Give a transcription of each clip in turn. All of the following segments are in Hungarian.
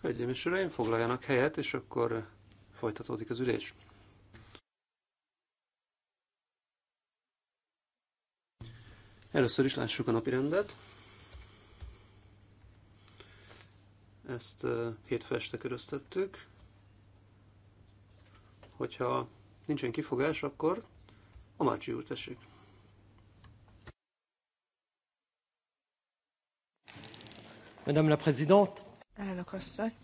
Hölgyeim és uraim, foglaljanak helyet, és akkor folytatódik az ülés. Először is lássuk a napirendet. Ezt uh, hétfő este köröztettük. Hogyha nincsen kifogás, akkor a Márcsi úr tessék. Madame la Présidente. Elnök asszony.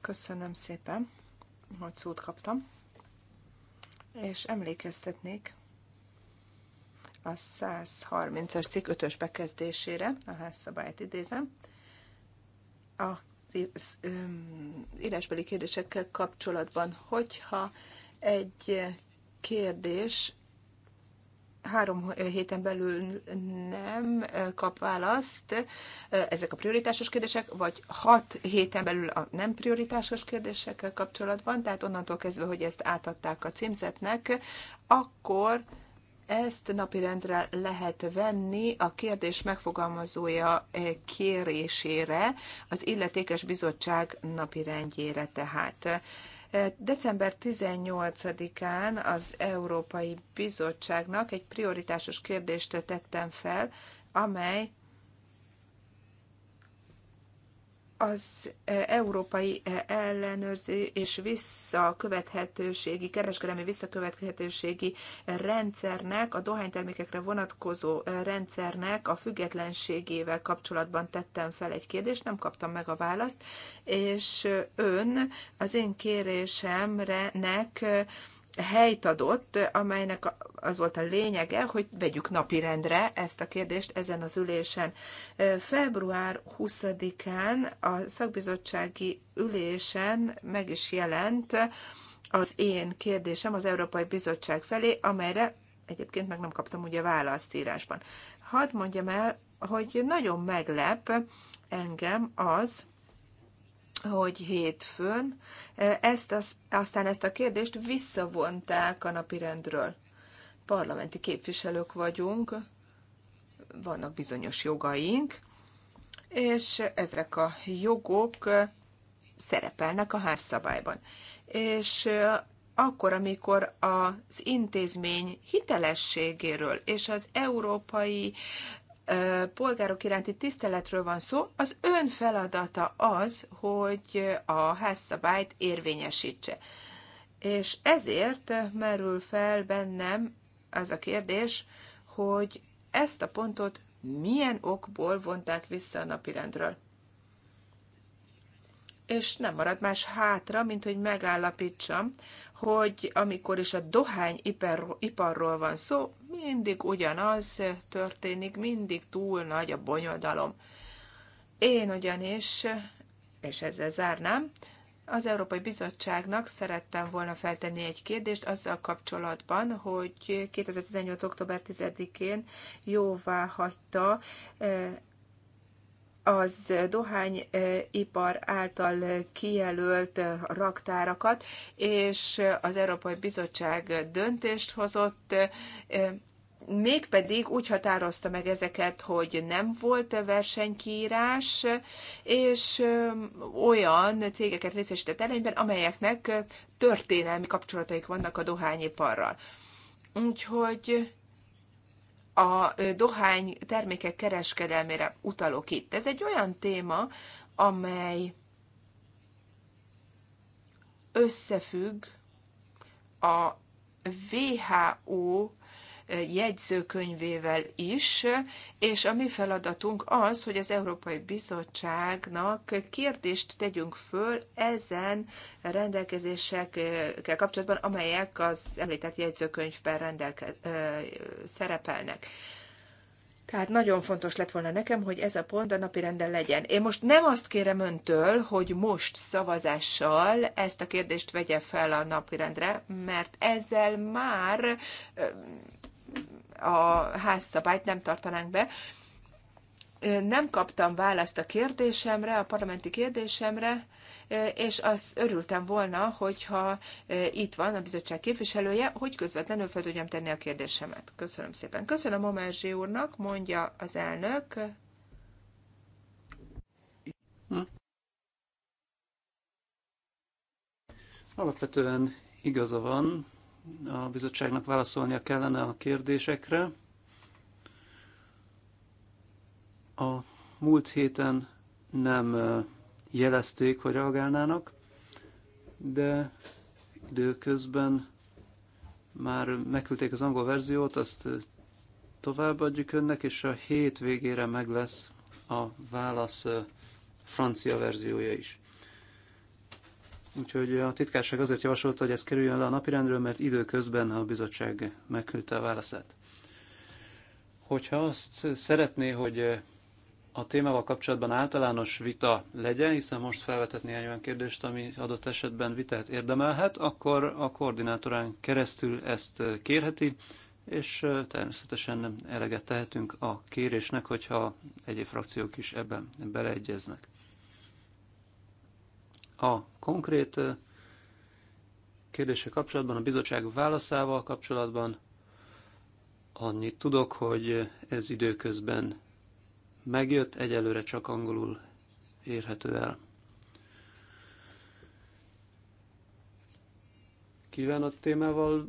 Köszönöm szépen, hogy szót kaptam. És emlékeztetnék a 130-as cikk 5-ös bekezdésére, a házszabályt idézem. A írásbeli kérdésekkel kapcsolatban, hogyha egy kérdés három héten belül nem kap választ, ezek a prioritásos kérdések, vagy hat héten belül a nem prioritásos kérdésekkel kapcsolatban, tehát onnantól kezdve, hogy ezt átadták a címzetnek, akkor ezt napirendre lehet venni a kérdés megfogalmazója kérésére, az illetékes bizottság napirendjére tehát. December 18-án az Európai Bizottságnak egy prioritásos kérdést tettem fel, amely az e, európai e, ellenőrző és visszakövethetőségi, kereskedelmi visszakövethetőségi e, rendszernek, a dohánytermékekre vonatkozó rendszernek a függetlenségével kapcsolatban tettem fel egy kérdést, nem kaptam meg a választ, és ön az én kérésemre nek helyt adott, amelynek az volt a lényege, hogy vegyük napirendre ezt a kérdést ezen az ülésen. Február 20-án a szakbizottsági ülésen meg is jelent az én kérdésem az Európai Bizottság felé, amelyre egyébként meg nem kaptam ugye választ írásban. Hadd mondjam el, hogy nagyon meglep engem az, hogy hétfőn ezt, aztán ezt a kérdést visszavonták a napirendről. Parlamenti képviselők vagyunk, vannak bizonyos jogaink, és ezek a jogok szerepelnek a házszabályban. És akkor, amikor az intézmény hitelességéről és az európai polgárok iránti tiszteletről van szó, az ön feladata az, hogy a házszabályt érvényesítse. És ezért merül fel bennem az a kérdés, hogy ezt a pontot milyen okból vonták vissza a napirendről. És nem marad más hátra, mint hogy megállapítsam, hogy amikor is a Dohány iparról van szó, mindig ugyanaz történik, mindig túl nagy a bonyodalom. Én ugyanis, és ezzel zárnám, az Európai Bizottságnak szerettem volna feltenni egy kérdést azzal kapcsolatban, hogy 2018. október 10-én jóvá hagyta eh, az dohányipar által kijelölt raktárakat, és az Európai Bizottság döntést hozott, mégpedig úgy határozta meg ezeket, hogy nem volt versenykiírás, és olyan cégeket részesített elejében, amelyeknek történelmi kapcsolataik vannak a dohányiparral. Úgyhogy a dohány termékek kereskedelmére utalok itt. Ez egy olyan téma, amely összefügg a WHO jegyzőkönyvével is, és a mi feladatunk az, hogy az Európai Bizottságnak kérdést tegyünk föl ezen rendelkezésekkel kapcsolatban, amelyek az említett jegyzőkönyvben rendelke- szerepelnek. Tehát nagyon fontos lett volna nekem, hogy ez a pont a napi renden legyen. Én most nem azt kérem öntől, hogy most szavazással ezt a kérdést vegye fel a napirendre, mert ezzel már a házszabályt nem tartanánk be. Nem kaptam választ a kérdésemre, a parlamenti kérdésemre, és az örültem volna, hogyha itt van a bizottság képviselője, hogy közvetlenül fel tudjam tenni a kérdésemet. Köszönöm szépen. Köszönöm Omerzsi úrnak, mondja az elnök. Alapvetően igaza van, a bizottságnak válaszolnia kellene a kérdésekre. A múlt héten nem jelezték, hogy reagálnának, de időközben már megküldték az angol verziót, azt továbbadjuk önnek, és a végére meg lesz a válasz francia verziója is. Úgyhogy a titkárság azért javasolta, hogy ez kerüljön le a napirendről, mert időközben a bizottság megküldte a válaszát. Hogyha azt szeretné, hogy a témával kapcsolatban általános vita legyen, hiszen most felvetett néhány olyan kérdést, ami adott esetben vitát érdemelhet, akkor a koordinátorán keresztül ezt kérheti, és természetesen nem eleget tehetünk a kérésnek, hogyha egyéb frakciók is ebben beleegyeznek. A konkrét kérdése kapcsolatban, a bizottság válaszával kapcsolatban annyit tudok, hogy ez időközben megjött, egyelőre csak angolul érhető el. Kíván a témával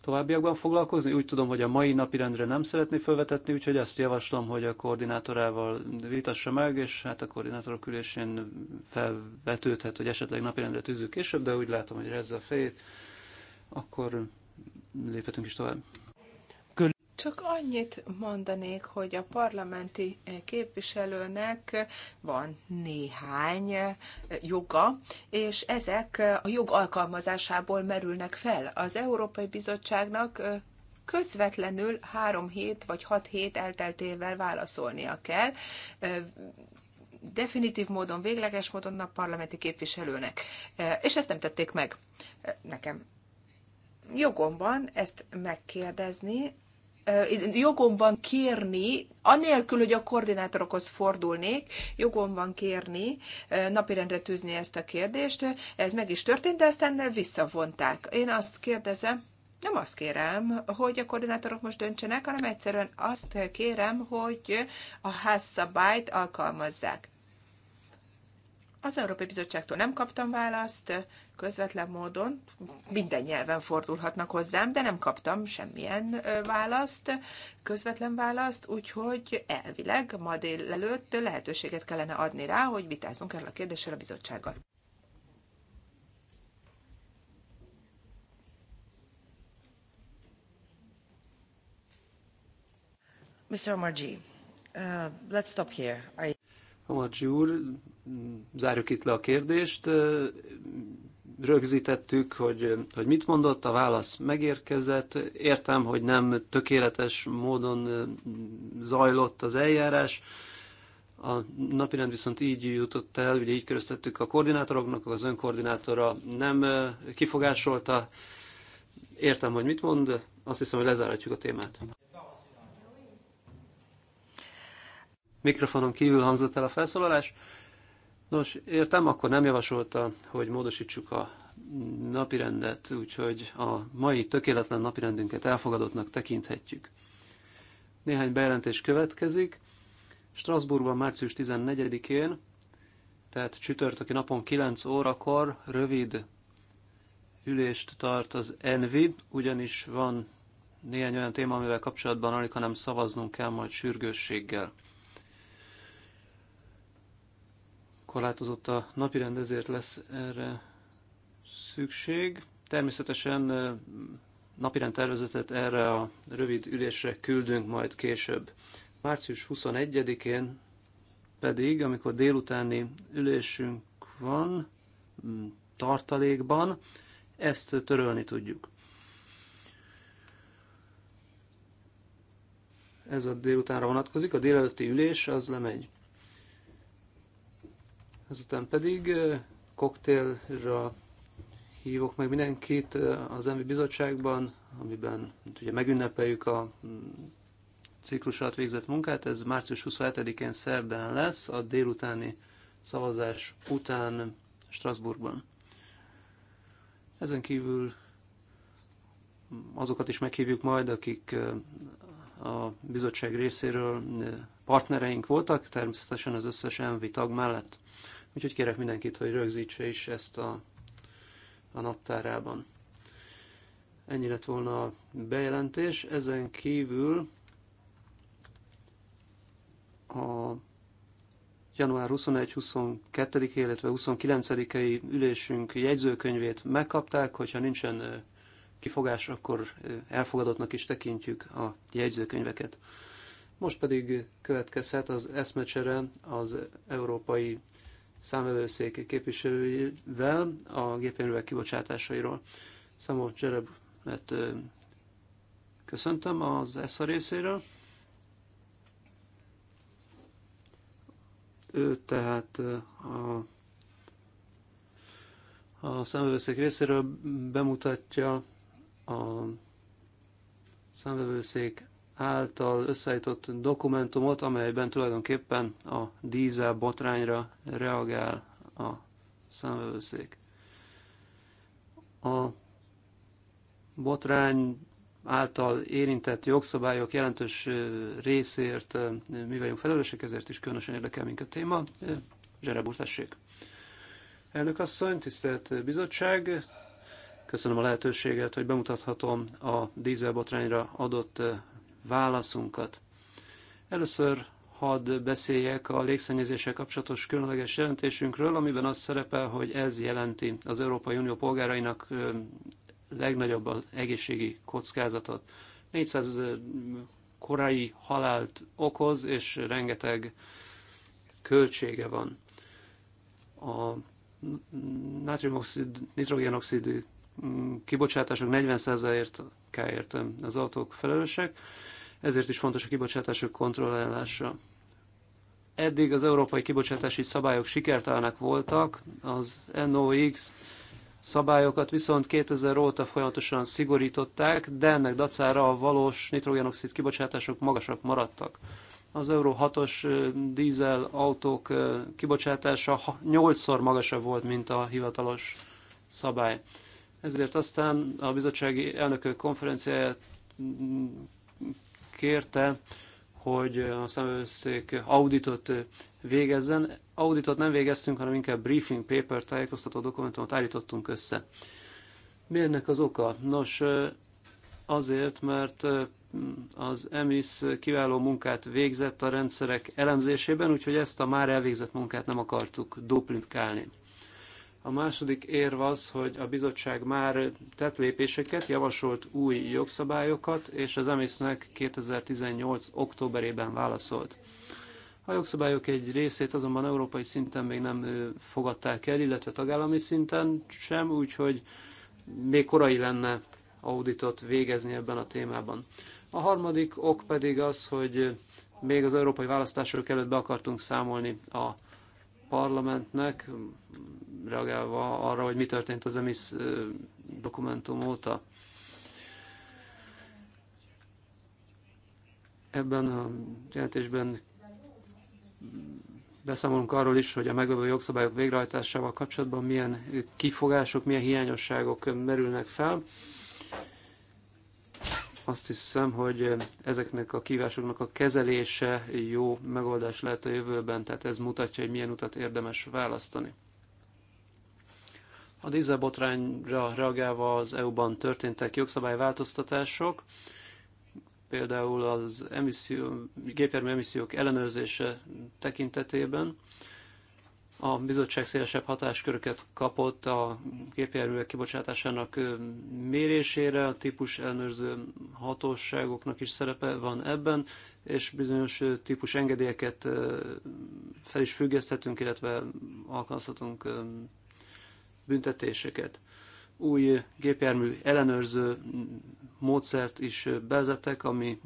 továbbiakban foglalkozni. Úgy tudom, hogy a mai napirendre nem szeretné felvetetni, úgyhogy azt javaslom, hogy a koordinátorával vitassa meg, és hát a koordinátorok ülésén felvetődhet, hogy esetleg rendre tűzzük később, de úgy látom, hogy ez a fejét, akkor léphetünk is tovább. Csak annyit mondanék, hogy a parlamenti képviselőnek van néhány joga, és ezek a jog alkalmazásából merülnek fel. Az Európai Bizottságnak közvetlenül három hét vagy hat hét elteltével válaszolnia kell, definitív módon, végleges módon a parlamenti képviselőnek. És ezt nem tették meg nekem. Jogom van ezt megkérdezni, jogom van kérni, anélkül, hogy a koordinátorokhoz fordulnék, jogom van kérni, napirendre tűzni ezt a kérdést. Ez meg is történt, de aztán visszavonták. Én azt kérdezem, nem azt kérem, hogy a koordinátorok most döntsenek, hanem egyszerűen azt kérem, hogy a házszabályt alkalmazzák. Az Európai Bizottságtól nem kaptam választ, közvetlen módon minden nyelven fordulhatnak hozzám, de nem kaptam semmilyen választ, közvetlen választ, úgyhogy elvileg ma délelőtt lehetőséget kellene adni rá, hogy vitázzunk erről a kérdéssel a bizottsággal. Mr. Margie, uh, let's stop here. I... Hamacsi úr, zárjuk itt le a kérdést. Rögzítettük, hogy, hogy mit mondott, a válasz megérkezett. Értem, hogy nem tökéletes módon zajlott az eljárás. A napirend viszont így jutott el, ugye így köröztettük a koordinátoroknak, az önkoordinátora nem kifogásolta. Értem, hogy mit mond, azt hiszem, hogy lezárhatjuk a témát. Mikrofonon kívül hangzott el a felszólalás. Nos, értem, akkor nem javasolta, hogy módosítsuk a napirendet, úgyhogy a mai tökéletlen napirendünket elfogadottnak tekinthetjük. Néhány bejelentés következik. Strasbourgban március 14-én, tehát csütörtöki napon 9 órakor rövid ülést tart az Envi, ugyanis van néhány olyan téma, amivel kapcsolatban alig, hanem szavaznunk kell majd sürgősséggel. korlátozott a napirend, ezért lesz erre szükség. Természetesen napirend tervezetet erre a rövid ülésre küldünk majd később. Március 21-én pedig, amikor délutáni ülésünk van, mm, tartalékban, ezt törölni tudjuk. Ez a délutánra vonatkozik, a délelőtti ülés az lemegy. Ezután pedig koktélra hívok meg mindenkit az EMI bizottságban, amiben ugye megünnepeljük a mm, ciklus alatt végzett munkát. Ez március 27-én szerdán lesz, a délutáni szavazás után Strasbourgban. Ezen kívül azokat is meghívjuk majd, akik a bizottság részéről partnereink voltak, természetesen az összes MV tag mellett. Úgyhogy kérek mindenkit, hogy rögzítse is ezt a, a naptárában. Ennyi lett volna a bejelentés. Ezen kívül a január 21-22-i, illetve 29-i ülésünk jegyzőkönyvét megkapták, hogyha nincsen kifogás, akkor elfogadottnak is tekintjük a jegyzőkönyveket. Most pedig következhet az eszmecsere az Európai számvevőszék képviselőivel a gépjárművek kibocsátásairól. Számó mert köszöntöm az ESZA részéről. Ő tehát a, a számvevőszék részéről bemutatja a számvevőszék által összeállított dokumentumot, amelyben tulajdonképpen a dízel botrányra reagál a számvevőszék. A botrány által érintett jogszabályok jelentős részért mi vagyunk felelősek, ezért is különösen érdekel minket a téma. Zsere Burtessék! Elnök asszony, tisztelt bizottság! Köszönöm a lehetőséget, hogy bemutathatom a dízelbotrányra adott válaszunkat. Először hadd beszéljek a légszennyezéssel kapcsolatos különleges jelentésünkről, amiben az szerepel, hogy ez jelenti az Európai Unió polgárainak legnagyobb az egészségi kockázatot. 400 ezer korai halált okoz, és rengeteg költsége van. A nátriumoxid, nitrogénoxid Mm, kibocsátások 40 értem az autók felelősek, ezért is fontos a kibocsátások kontrollálása. Eddig az európai kibocsátási szabályok sikertelenek voltak, az NOx szabályokat viszont 2000 óta folyamatosan szigorították, de ennek dacára a valós nitrogénoxid kibocsátások magasak maradtak. Az euró 6-os dízel autók kibocsátása 8-szor magasabb volt, mint a hivatalos szabály. Ezért aztán a bizottsági elnökök konferenciáját kérte, hogy a szemőszék auditot végezzen. Auditot nem végeztünk, hanem inkább briefing paper tájékoztató dokumentumot állítottunk össze. Mi ennek az oka? Nos, azért, mert az EMIS kiváló munkát végzett a rendszerek elemzésében, úgyhogy ezt a már elvégzett munkát nem akartuk duplikálni. A második érv az, hogy a bizottság már tett lépéseket, javasolt új jogszabályokat, és az emisz 2018. októberében válaszolt. A jogszabályok egy részét azonban európai szinten még nem fogadták el, illetve tagállami szinten sem, úgyhogy még korai lenne auditot végezni ebben a témában. A harmadik ok pedig az, hogy még az európai választások előtt be akartunk számolni a parlamentnek, reagálva arra, hogy mi történt az emisz dokumentum óta. Ebben a jelentésben beszámolunk arról is, hogy a meglevő jogszabályok végrehajtásával kapcsolatban milyen kifogások, milyen hiányosságok merülnek fel. Azt hiszem, hogy ezeknek a kívásoknak a kezelése jó megoldás lehet a jövőben, tehát ez mutatja, hogy milyen utat érdemes választani. A dízelbotrányra reagálva az EU-ban történtek jogszabályváltoztatások, például az emisszió, gépjármű emissziók ellenőrzése tekintetében. A bizottság szélesebb hatásköröket kapott a gépjárművek kibocsátásának mérésére, a típus ellenőrző hatóságoknak is szerepe van ebben, és bizonyos típus engedélyeket fel is függeszthetünk, illetve alkalmazhatunk büntetéseket. Új gépjármű ellenőrző módszert is bevezettek, ami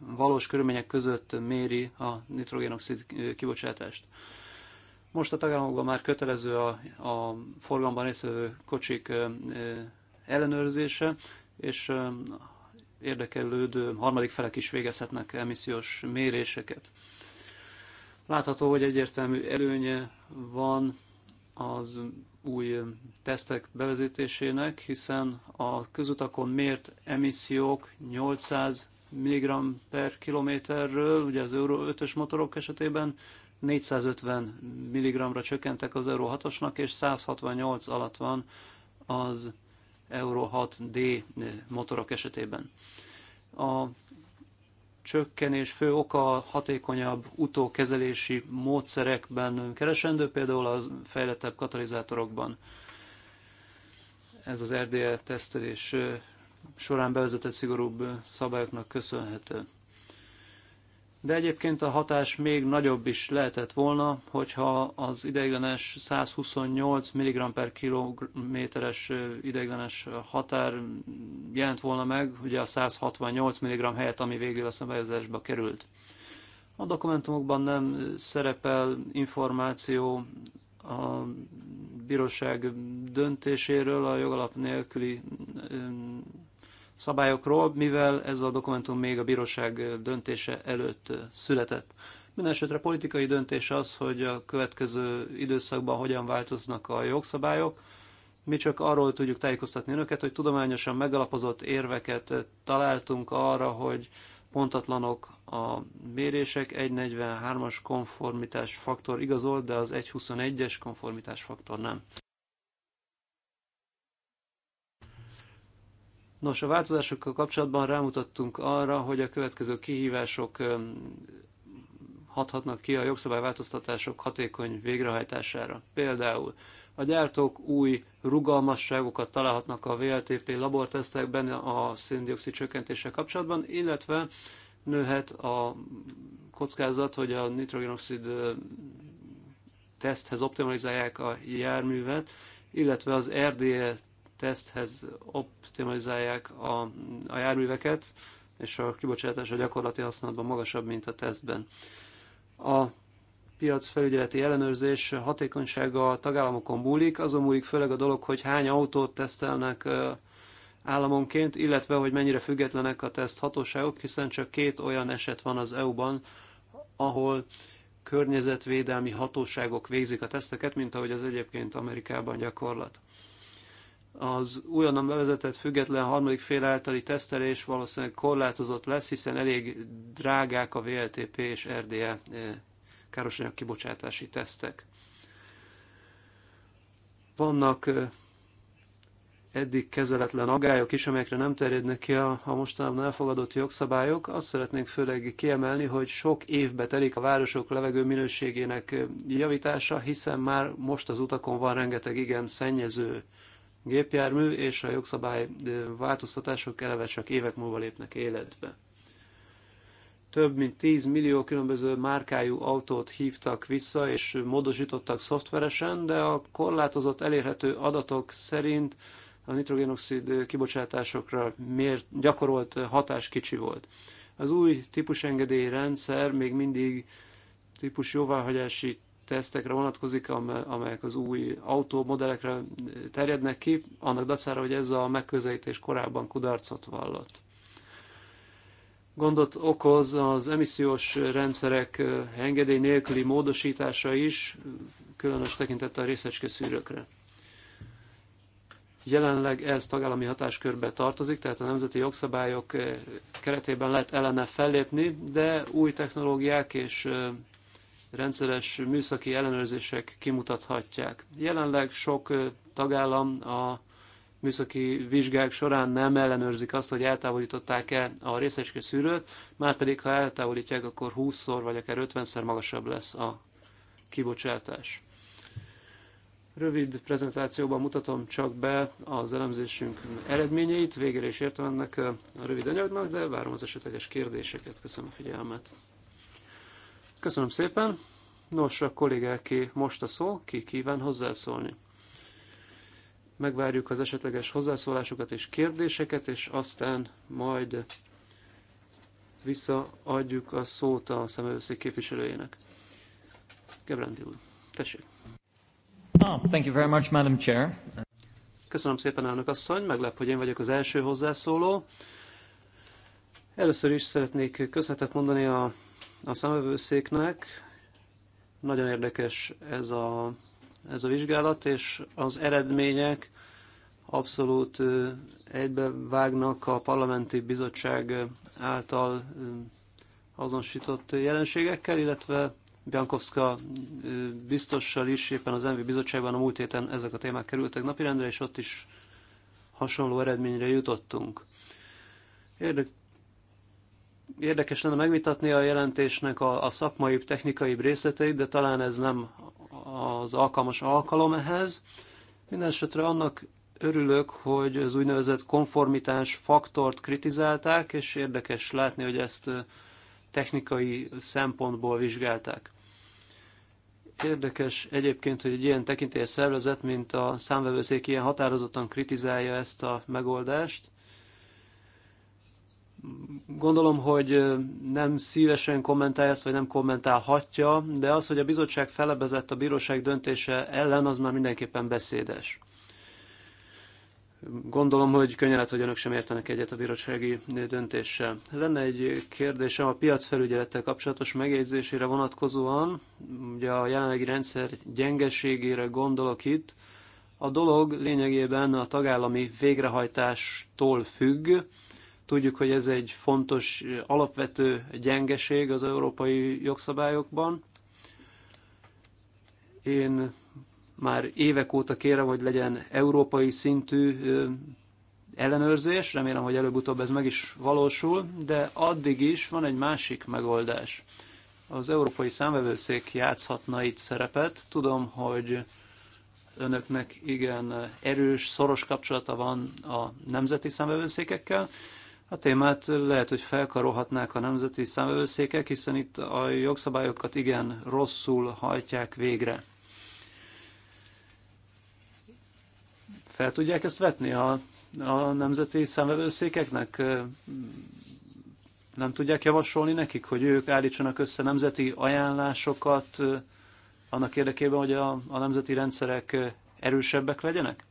valós körülmények között méri a nitrogénoxid kibocsátást. Most a tagállamokban már kötelező a, a forgalomban részvevő kocsik ellenőrzése, és érdekelődő harmadik felek is végezhetnek emissziós méréseket. Látható, hogy egyértelmű előnye van az új tesztek bevezetésének, hiszen a közutakon mért emissziók 800 mg per kilométerről, ugye az Euro 5-ös motorok esetében 450 mg-ra csökkentek az Euró 6-osnak, és 168 alatt van az Euró 6D motorok esetében. A csökkenés fő oka hatékonyabb utókezelési módszerekben keresendő, például a fejlettebb katalizátorokban. Ez az RDL e tesztelés során bevezetett szigorúbb szabályoknak köszönhető de egyébként a hatás még nagyobb is lehetett volna, hogyha az ideiglenes 128 mg per kilométeres ideiglenes határ jelent volna meg, ugye a 168 mg helyett, ami végül a szabályozásba került. A dokumentumokban nem szerepel információ a bíróság döntéséről a jogalap nélküli szabályokról, mivel ez a dokumentum még a bíróság döntése előtt született. Mindenesetre politikai döntés az, hogy a következő időszakban hogyan változnak a jogszabályok. Mi csak arról tudjuk tájékoztatni önöket, hogy tudományosan megalapozott érveket találtunk arra, hogy pontatlanok a mérések, 1.43-as konformitás faktor igazolt, de az 1.21-es konformitás faktor nem. Nos, a változásokkal kapcsolatban rámutattunk arra, hogy a következő kihívások hathatnak ki a jogszabályváltoztatások hatékony végrehajtására. Például a gyártók új rugalmasságokat találhatnak a VLTP labortesztekben a széndiokszid csökkentéssel kapcsolatban, illetve nőhet a kockázat, hogy a nitrogénoxid teszthez optimalizálják a járművet, illetve az RDE teszthez optimalizálják a, a járműveket, és a kibocsátás a gyakorlati használatban magasabb, mint a tesztben. A piac felügyeleti ellenőrzés hatékonysága a tagállamokon múlik, azon múlik főleg a dolog, hogy hány autót tesztelnek államonként, illetve hogy mennyire függetlenek a teszt hatóságok, hiszen csak két olyan eset van az EU-ban, ahol környezetvédelmi hatóságok végzik a teszteket, mint ahogy az egyébként Amerikában gyakorlat az újonnan bevezetett független harmadik fél általi tesztelés valószínűleg korlátozott lesz, hiszen elég drágák a VLTP és RDE eh, károsanyag kibocsátási tesztek. Vannak eh, eddig kezeletlen agályok is, amelyekre nem terjednek ki a, a mostanában elfogadott jogszabályok. Azt szeretnénk főleg kiemelni, hogy sok évbe telik a városok levegő minőségének eh, javítása, hiszen már most az utakon van rengeteg igen szennyező gépjármű, és a jogszabály változtatások eleve csak évek múlva lépnek életbe. Több mint 10 millió különböző márkájú autót hívtak vissza és módosítottak szoftveresen, de a korlátozott elérhető adatok szerint a nitrogénoxid kibocsátásokra miért gyakorolt hatás kicsi volt. Az új típusengedélyi rendszer még mindig típus jóváhagyási tesztekre vonatkozik, amelyek az új autómodellekre terjednek ki, annak dacára, hogy ez a megközelítés korábban kudarcot vallott. Gondot okoz az emissziós rendszerek engedély nélküli módosítása is, különös tekintettel a részecske szűrőkre. Jelenleg ez tagállami hatáskörbe tartozik, tehát a nemzeti jogszabályok keretében lehet ellene fellépni, de új technológiák és rendszeres műszaki ellenőrzések kimutathatják. Jelenleg sok tagállam a műszaki vizsgák során nem ellenőrzik azt, hogy eltávolították-e a részecske szűrőt, már pedig ha eltávolítják, akkor 20-szor vagy akár 50-szer magasabb lesz a kibocsátás. Rövid prezentációban mutatom csak be az elemzésünk eredményeit, végére is értem ennek a rövid anyagnak, de várom az esetleges kérdéseket. Köszönöm a figyelmet! Köszönöm szépen. Nos, a kollégáké most a szó, ki kíván hozzászólni. Megvárjuk az esetleges hozzászólásokat és kérdéseket, és aztán majd visszaadjuk a szót a szemelőszék képviselőjének. Gebrandi úr, tessék. Oh, thank you very much, Madam Chair. Köszönöm szépen, elnök asszony. Meglep, hogy én vagyok az első hozzászóló. Először is szeretnék köszönetet mondani a a számövőszéknek. Nagyon érdekes ez a, ez a vizsgálat, és az eredmények abszolút egybevágnak a parlamenti bizottság által azonosított jelenségekkel, illetve Biankovska biztossal is éppen az MV bizottságban a múlt héten ezek a témák kerültek napirendre, és ott is hasonló eredményre jutottunk. Érdek, érdekes lenne megvitatni a jelentésnek a, a szakmai, technikai részleteit, de talán ez nem az alkalmas alkalom ehhez. Mindenesetre annak örülök, hogy az úgynevezett konformitás faktort kritizálták, és érdekes látni, hogy ezt technikai szempontból vizsgálták. Érdekes egyébként, hogy egy ilyen tekintélyes szervezet, mint a számvevőszék ilyen határozottan kritizálja ezt a megoldást. Gondolom, hogy nem szívesen kommentálja ezt, vagy nem kommentálhatja, de az, hogy a bizottság felebezett a bíróság döntése ellen, az már mindenképpen beszédes. Gondolom, hogy könnyen lehet, hogy önök sem értenek egyet a bírósági döntéssel. Lenne egy kérdésem a piacfelügyelettel kapcsolatos megjegyzésére vonatkozóan. Ugye a jelenlegi rendszer gyengeségére gondolok itt. A dolog lényegében a tagállami végrehajtástól függ, Tudjuk, hogy ez egy fontos, alapvető gyengeség az európai jogszabályokban. Én már évek óta kérem, hogy legyen európai szintű ellenőrzés, remélem, hogy előbb-utóbb ez meg is valósul, de addig is van egy másik megoldás. Az Európai Számvevőszék játszhatna itt szerepet. Tudom, hogy önöknek igen erős, szoros kapcsolata van a nemzeti számvevőszékekkel, a témát lehet, hogy felkarolhatnák a nemzeti számvevőszékek, hiszen itt a jogszabályokat igen rosszul hajtják végre. Fel tudják ezt vetni a, a nemzeti számvevőszékeknek? Nem tudják javasolni nekik, hogy ők állítsanak össze nemzeti ajánlásokat annak érdekében, hogy a, a nemzeti rendszerek erősebbek legyenek?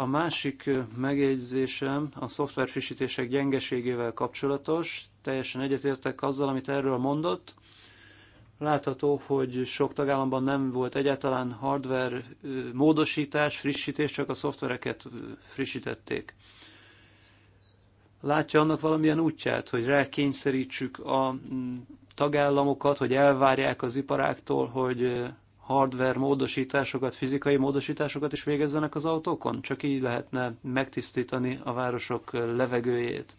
A másik megjegyzésem a szoftverfrissítések gyengeségével kapcsolatos. Teljesen egyetértek azzal, amit erről mondott. Látható, hogy sok tagállamban nem volt egyáltalán hardware módosítás, frissítés, csak a szoftvereket frissítették. Látja annak valamilyen útját, hogy rákényszerítsük a mm, tagállamokat, hogy elvárják az iparáktól, hogy hardware módosításokat, fizikai módosításokat is végezzenek az autókon? Csak így lehetne megtisztítani a városok levegőjét.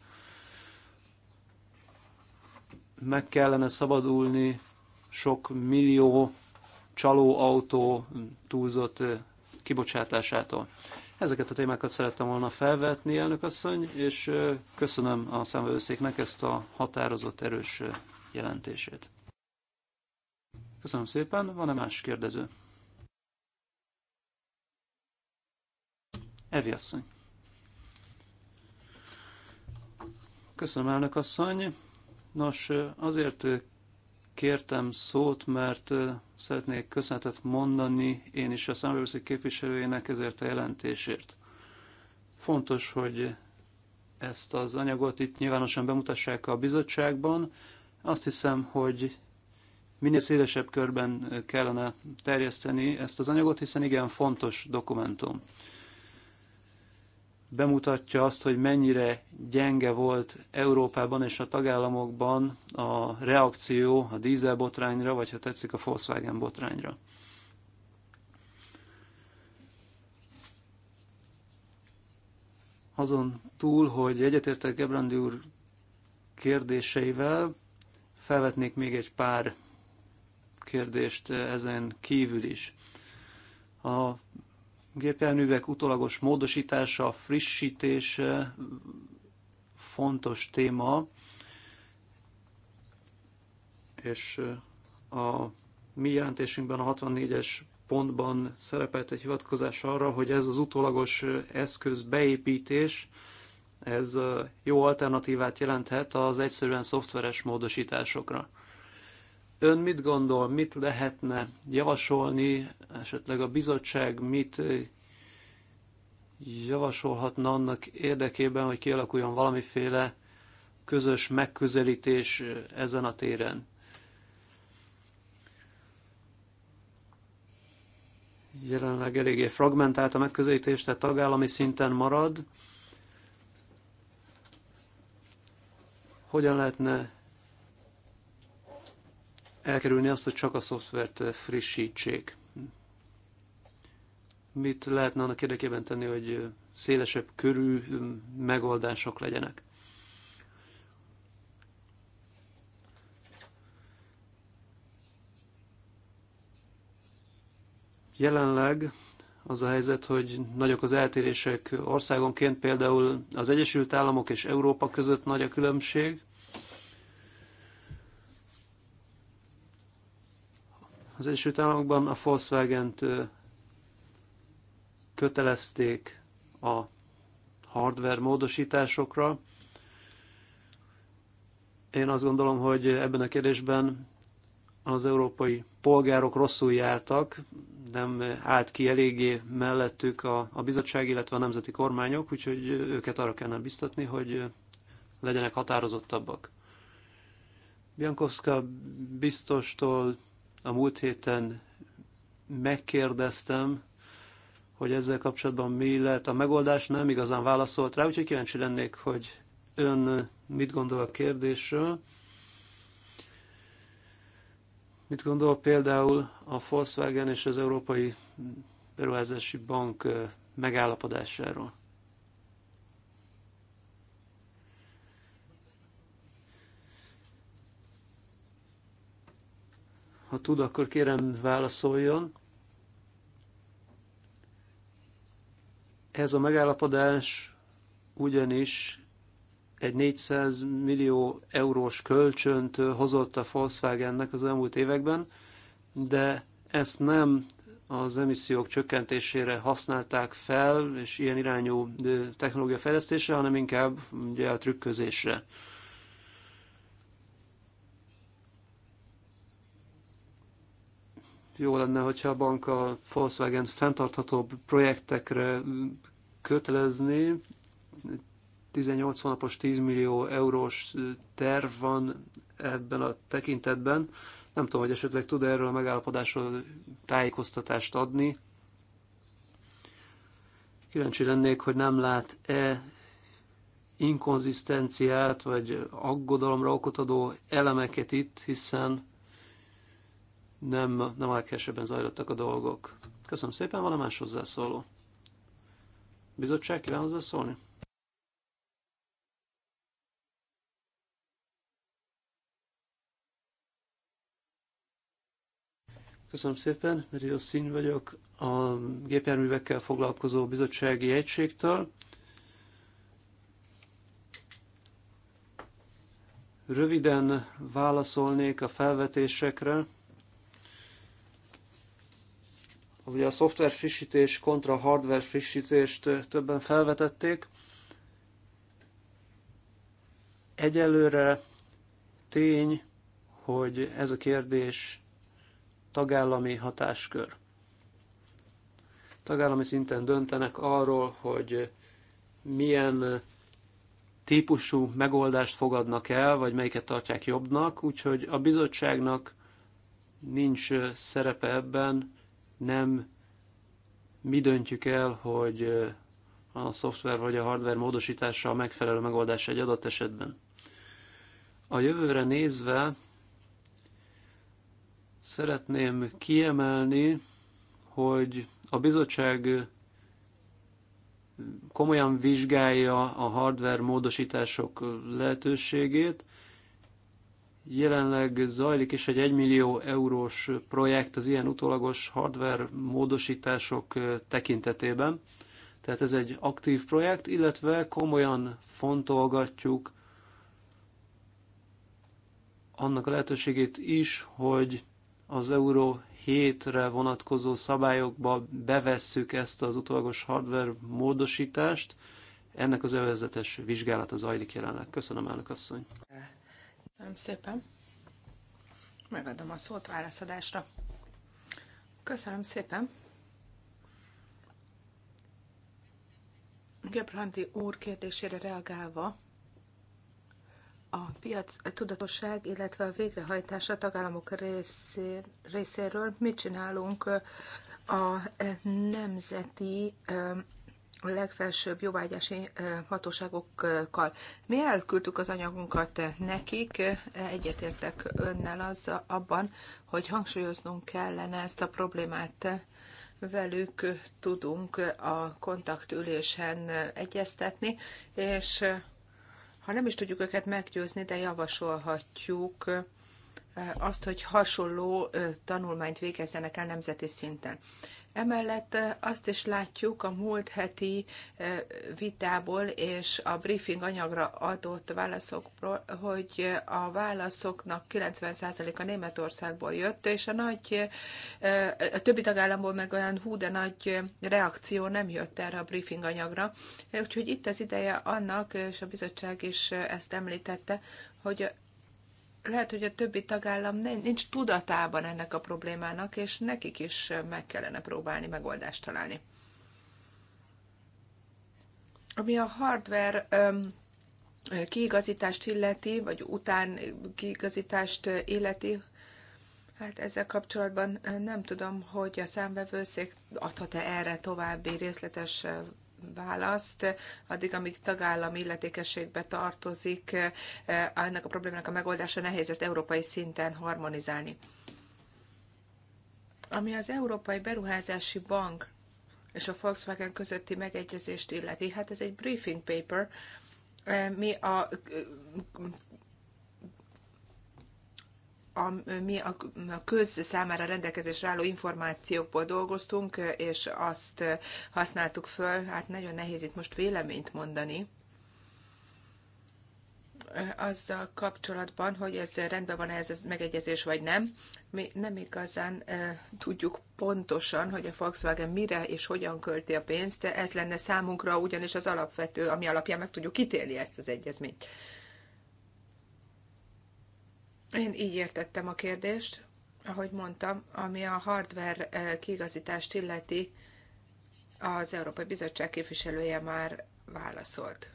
Meg kellene szabadulni sok millió csalóautó túlzott kibocsátásától. Ezeket a témákat szerettem volna felvetni, elnökasszony, és köszönöm a számvevőszéknek ezt a határozott erős jelentését. Köszönöm szépen. Van-e más kérdező? Evi asszony. Köszönöm, elnök asszony. Nos, azért kértem szót, mert szeretnék köszönetet mondani én is a számvevőszék képviselőjének ezért a jelentésért. Fontos, hogy ezt az anyagot itt nyilvánosan bemutassák a bizottságban. Azt hiszem, hogy minél szélesebb körben kellene terjeszteni ezt az anyagot, hiszen igen fontos dokumentum. Bemutatja azt, hogy mennyire gyenge volt Európában és a tagállamokban a reakció a dízel botrányra, vagy ha tetszik a Volkswagen botrányra. Azon túl, hogy egyetértek Gebrandi úr kérdéseivel, felvetnék még egy pár kérdést ezen kívül is. A gépjárművek utolagos módosítása, frissítése fontos téma, és a mi jelentésünkben a 64-es pontban szerepelt egy hivatkozás arra, hogy ez az utolagos eszköz beépítés, ez jó alternatívát jelenthet az egyszerűen szoftveres módosításokra. Ön mit gondol, mit lehetne javasolni, esetleg a bizottság mit eh, javasolhatna annak érdekében, hogy kialakuljon valamiféle közös megközelítés eh, ezen a téren? Jelenleg eléggé fragmentált a megközelítés, tehát tagállami szinten marad. Hogyan lehetne elkerülni azt, hogy csak a szoftvert eh, frissítsék. Mit lehetne annak érdekében tenni, hogy eh, szélesebb körű hm, megoldások legyenek? Jelenleg az a helyzet, hogy nagyok az eltérések országonként, például az Egyesült Államok és Európa között nagy a különbség, Az Egyesült Államokban a Volkswagen-t kötelezték a hardware módosításokra. Én azt gondolom, hogy ebben a kérdésben az európai polgárok rosszul jártak, nem állt ki eléggé mellettük a, a bizottság, illetve a nemzeti kormányok, úgyhogy őket arra kellene biztatni, hogy legyenek határozottabbak. Biankowska biztostól a múlt héten megkérdeztem, hogy ezzel kapcsolatban mi lehet a megoldás, nem igazán válaszolt rá, úgyhogy kíváncsi lennék, hogy ön mit gondol a kérdésről. Mit gondol például a Volkswagen és az Európai Beruházási Bank megállapodásáról? Ha tud, akkor kérem válaszoljon. Ez a megállapodás ugyanis egy 400 millió eurós kölcsönt hozott a Volkswagennek az elmúlt években, de ezt nem az emissziók csökkentésére használták fel, és ilyen irányú technológia fejlesztésre, hanem inkább ugye a trükközésre. jó lenne, hogyha a bank a Volkswagen fenntarthatóbb projektekre kötelezni. 18 hónapos 10 millió eurós terv van ebben a tekintetben. Nem tudom, hogy esetleg tud erről a megállapodásról tájékoztatást adni. Kíváncsi lennék, hogy nem lát-e inkonzisztenciát, vagy aggodalomra okot adó elemeket itt, hiszen nem, nem elkesebben zajlottak a dolgok. Köszönöm szépen, van a más hozzászóló. Bizottság, kíván hozzászólni? Köszönöm szépen, Merió Szín vagyok, a gépjárművekkel foglalkozó bizottsági egységtől. Röviden válaszolnék a felvetésekre. Ugye a szoftver frissítés kontra hardware frissítést többen felvetették. Egyelőre tény, hogy ez a kérdés tagállami hatáskör. Tagállami szinten döntenek arról, hogy milyen típusú megoldást fogadnak el, vagy melyiket tartják jobbnak, úgyhogy a bizottságnak nincs szerepe ebben, nem mi döntjük el, hogy a szoftver vagy a hardware módosítása a megfelelő megoldás egy adott esetben. A jövőre nézve szeretném kiemelni, hogy a bizottság komolyan vizsgálja a hardware módosítások lehetőségét, jelenleg zajlik is egy 1 millió eurós projekt az ilyen utólagos hardware módosítások tekintetében. Tehát ez egy aktív projekt, illetve komolyan fontolgatjuk annak a lehetőségét is, hogy az Euró 7-re vonatkozó szabályokba bevesszük ezt az utolagos hardware módosítást. Ennek az előzetes vizsgálata zajlik jelenleg. Köszönöm, elnök asszony! Eh, Köszönöm szépen. Megadom a szót válaszadásra. Köszönöm szépen. Gebrandi úr kérdésére reagálva, a piac a tudatosság, illetve a végrehajtás a tagállamok részéről mit csinálunk a nemzeti a legfelsőbb jóvágyási hatóságokkal. Mi elküldtük az anyagunkat nekik, egyetértek önnel az abban, hogy hangsúlyoznunk kellene ezt a problémát velük tudunk a kontaktülésen egyeztetni, és ha nem is tudjuk őket meggyőzni, de javasolhatjuk azt, hogy hasonló tanulmányt végezzenek el nemzeti szinten. Emellett eh, azt is látjuk a múlt heti eh, vitából és a briefing anyagra adott válaszokról, hogy a válaszoknak 90%-a Németországból jött, és a nagy, eh, a többi tagállamból meg olyan hú, de nagy reakció nem jött erre a briefing anyagra. Úgyhogy itt az ideje annak, és a bizottság is ezt említette, hogy lehet, hogy a többi tagállam nincs tudatában ennek a problémának, és nekik is meg kellene próbálni megoldást találni. Ami a hardware kiigazítást illeti, vagy után kiigazítást illeti, hát ezzel kapcsolatban nem tudom, hogy a számvevőszék adhat-e erre további részletes választ, addig, amíg tagállam illetékességbe tartozik, eh, ennek a problémának a megoldása nehéz ezt európai szinten harmonizálni. Ami az Európai Beruházási Bank és a Volkswagen közötti megegyezést illeti, hát ez egy briefing paper, eh, mi a a, mi a, a köz számára rendelkezésre álló információkból dolgoztunk, és azt használtuk föl. Hát nagyon nehéz itt most véleményt mondani azzal kapcsolatban, hogy ez rendben van ez, ez megegyezés vagy nem. Mi nem igazán e, tudjuk pontosan, hogy a Volkswagen mire és hogyan költi a pénzt, de ez lenne számunkra ugyanis az alapvető, ami alapján meg tudjuk ítélni ezt az egyezményt. E, én így értettem a kérdést, ahogy mondtam, ami a hardware eh, kiigazítást illeti, az Európai Bizottság képviselője már válaszolt.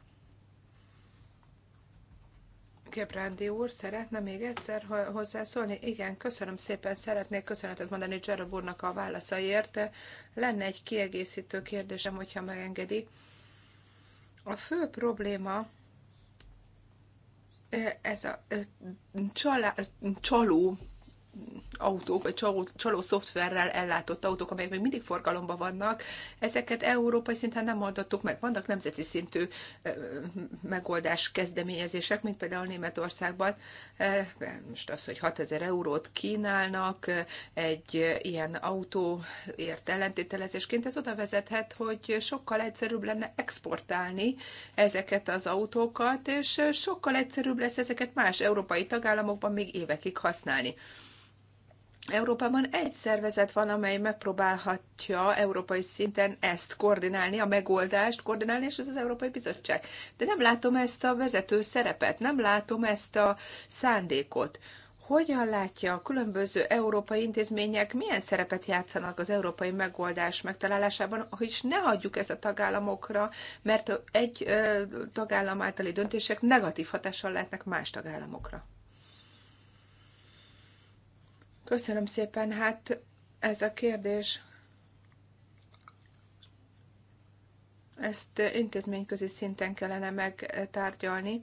Gebrándi úr, szeretne még egyszer hozzászólni? Igen, köszönöm szépen, szeretnék köszönetet mondani Zsarob úrnak a válaszaiért. Lenne egy kiegészítő kérdésem, hogyha megengedi. A fő probléma ez a csalá, csaló autók, vagy csaló, csaló szoftverrel ellátott autók, amelyek még mindig forgalomban vannak, ezeket európai szinten nem oldottuk meg. Vannak nemzeti szintű megoldás kezdeményezések, mint például Németországban. Most az, hogy 6000 eurót kínálnak egy ilyen autóért ellentételezésként, ez oda vezethet, hogy sokkal egyszerűbb lenne exportálni ezeket az autókat, és sokkal egyszerűbb lesz ezeket más európai tagállamokban még évekig használni. Európában egy szervezet van, amely megpróbálhatja európai szinten ezt koordinálni, a megoldást koordinálni, és ez az Európai Bizottság. De nem látom ezt a vezető szerepet, nem látom ezt a szándékot. Hogyan látja a különböző európai intézmények, milyen szerepet játszanak az európai megoldás megtalálásában, hogy ne hagyjuk ezt a tagállamokra, mert egy tagállam általi döntések negatív hatással lehetnek más tagállamokra. Köszönöm szépen. Hát ez a kérdés, ezt intézményközi szinten kellene megtárgyalni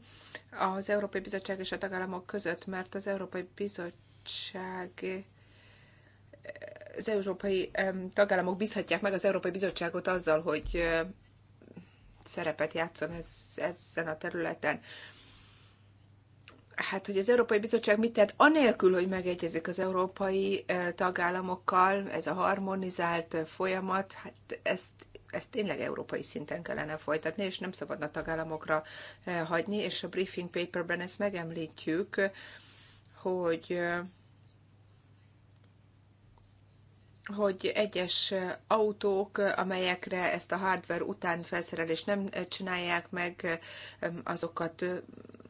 az Európai Bizottság és a tagállamok között, mert az Európai Bizottság az európai tagállamok bízhatják meg az Európai Bizottságot azzal, hogy szerepet játszon ez, ezen a területen hát, hogy az Európai Bizottság mit tett, anélkül, hogy megegyezik az európai eh, tagállamokkal, ez a harmonizált eh, folyamat, hát ezt ezt tényleg európai szinten kellene folytatni, és nem szabadna tagállamokra eh, hagyni, és a briefing paperben ezt megemlítjük, hogy hogy egyes autók, amelyekre ezt a hardware után felszerelést nem csinálják meg, azokat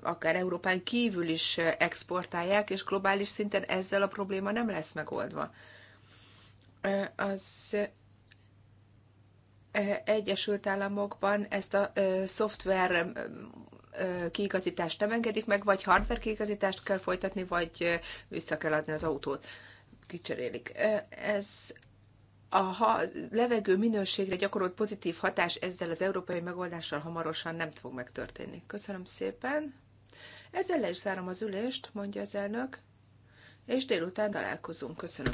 akár Európán kívül is exportálják, és globális szinten ezzel a probléma nem lesz megoldva. Az Egyesült Államokban ezt a szoftver kiigazítást nem engedik meg, vagy hardware kiigazítást kell folytatni, vagy vissza kell adni az autót. Kicserélik. Ez a ha, levegő minőségre gyakorolt pozitív hatás ezzel az európai megoldással hamarosan nem fog megtörténni. Köszönöm szépen. Ezzel le is zárom az ülést, mondja az elnök, és délután találkozunk. Köszönöm.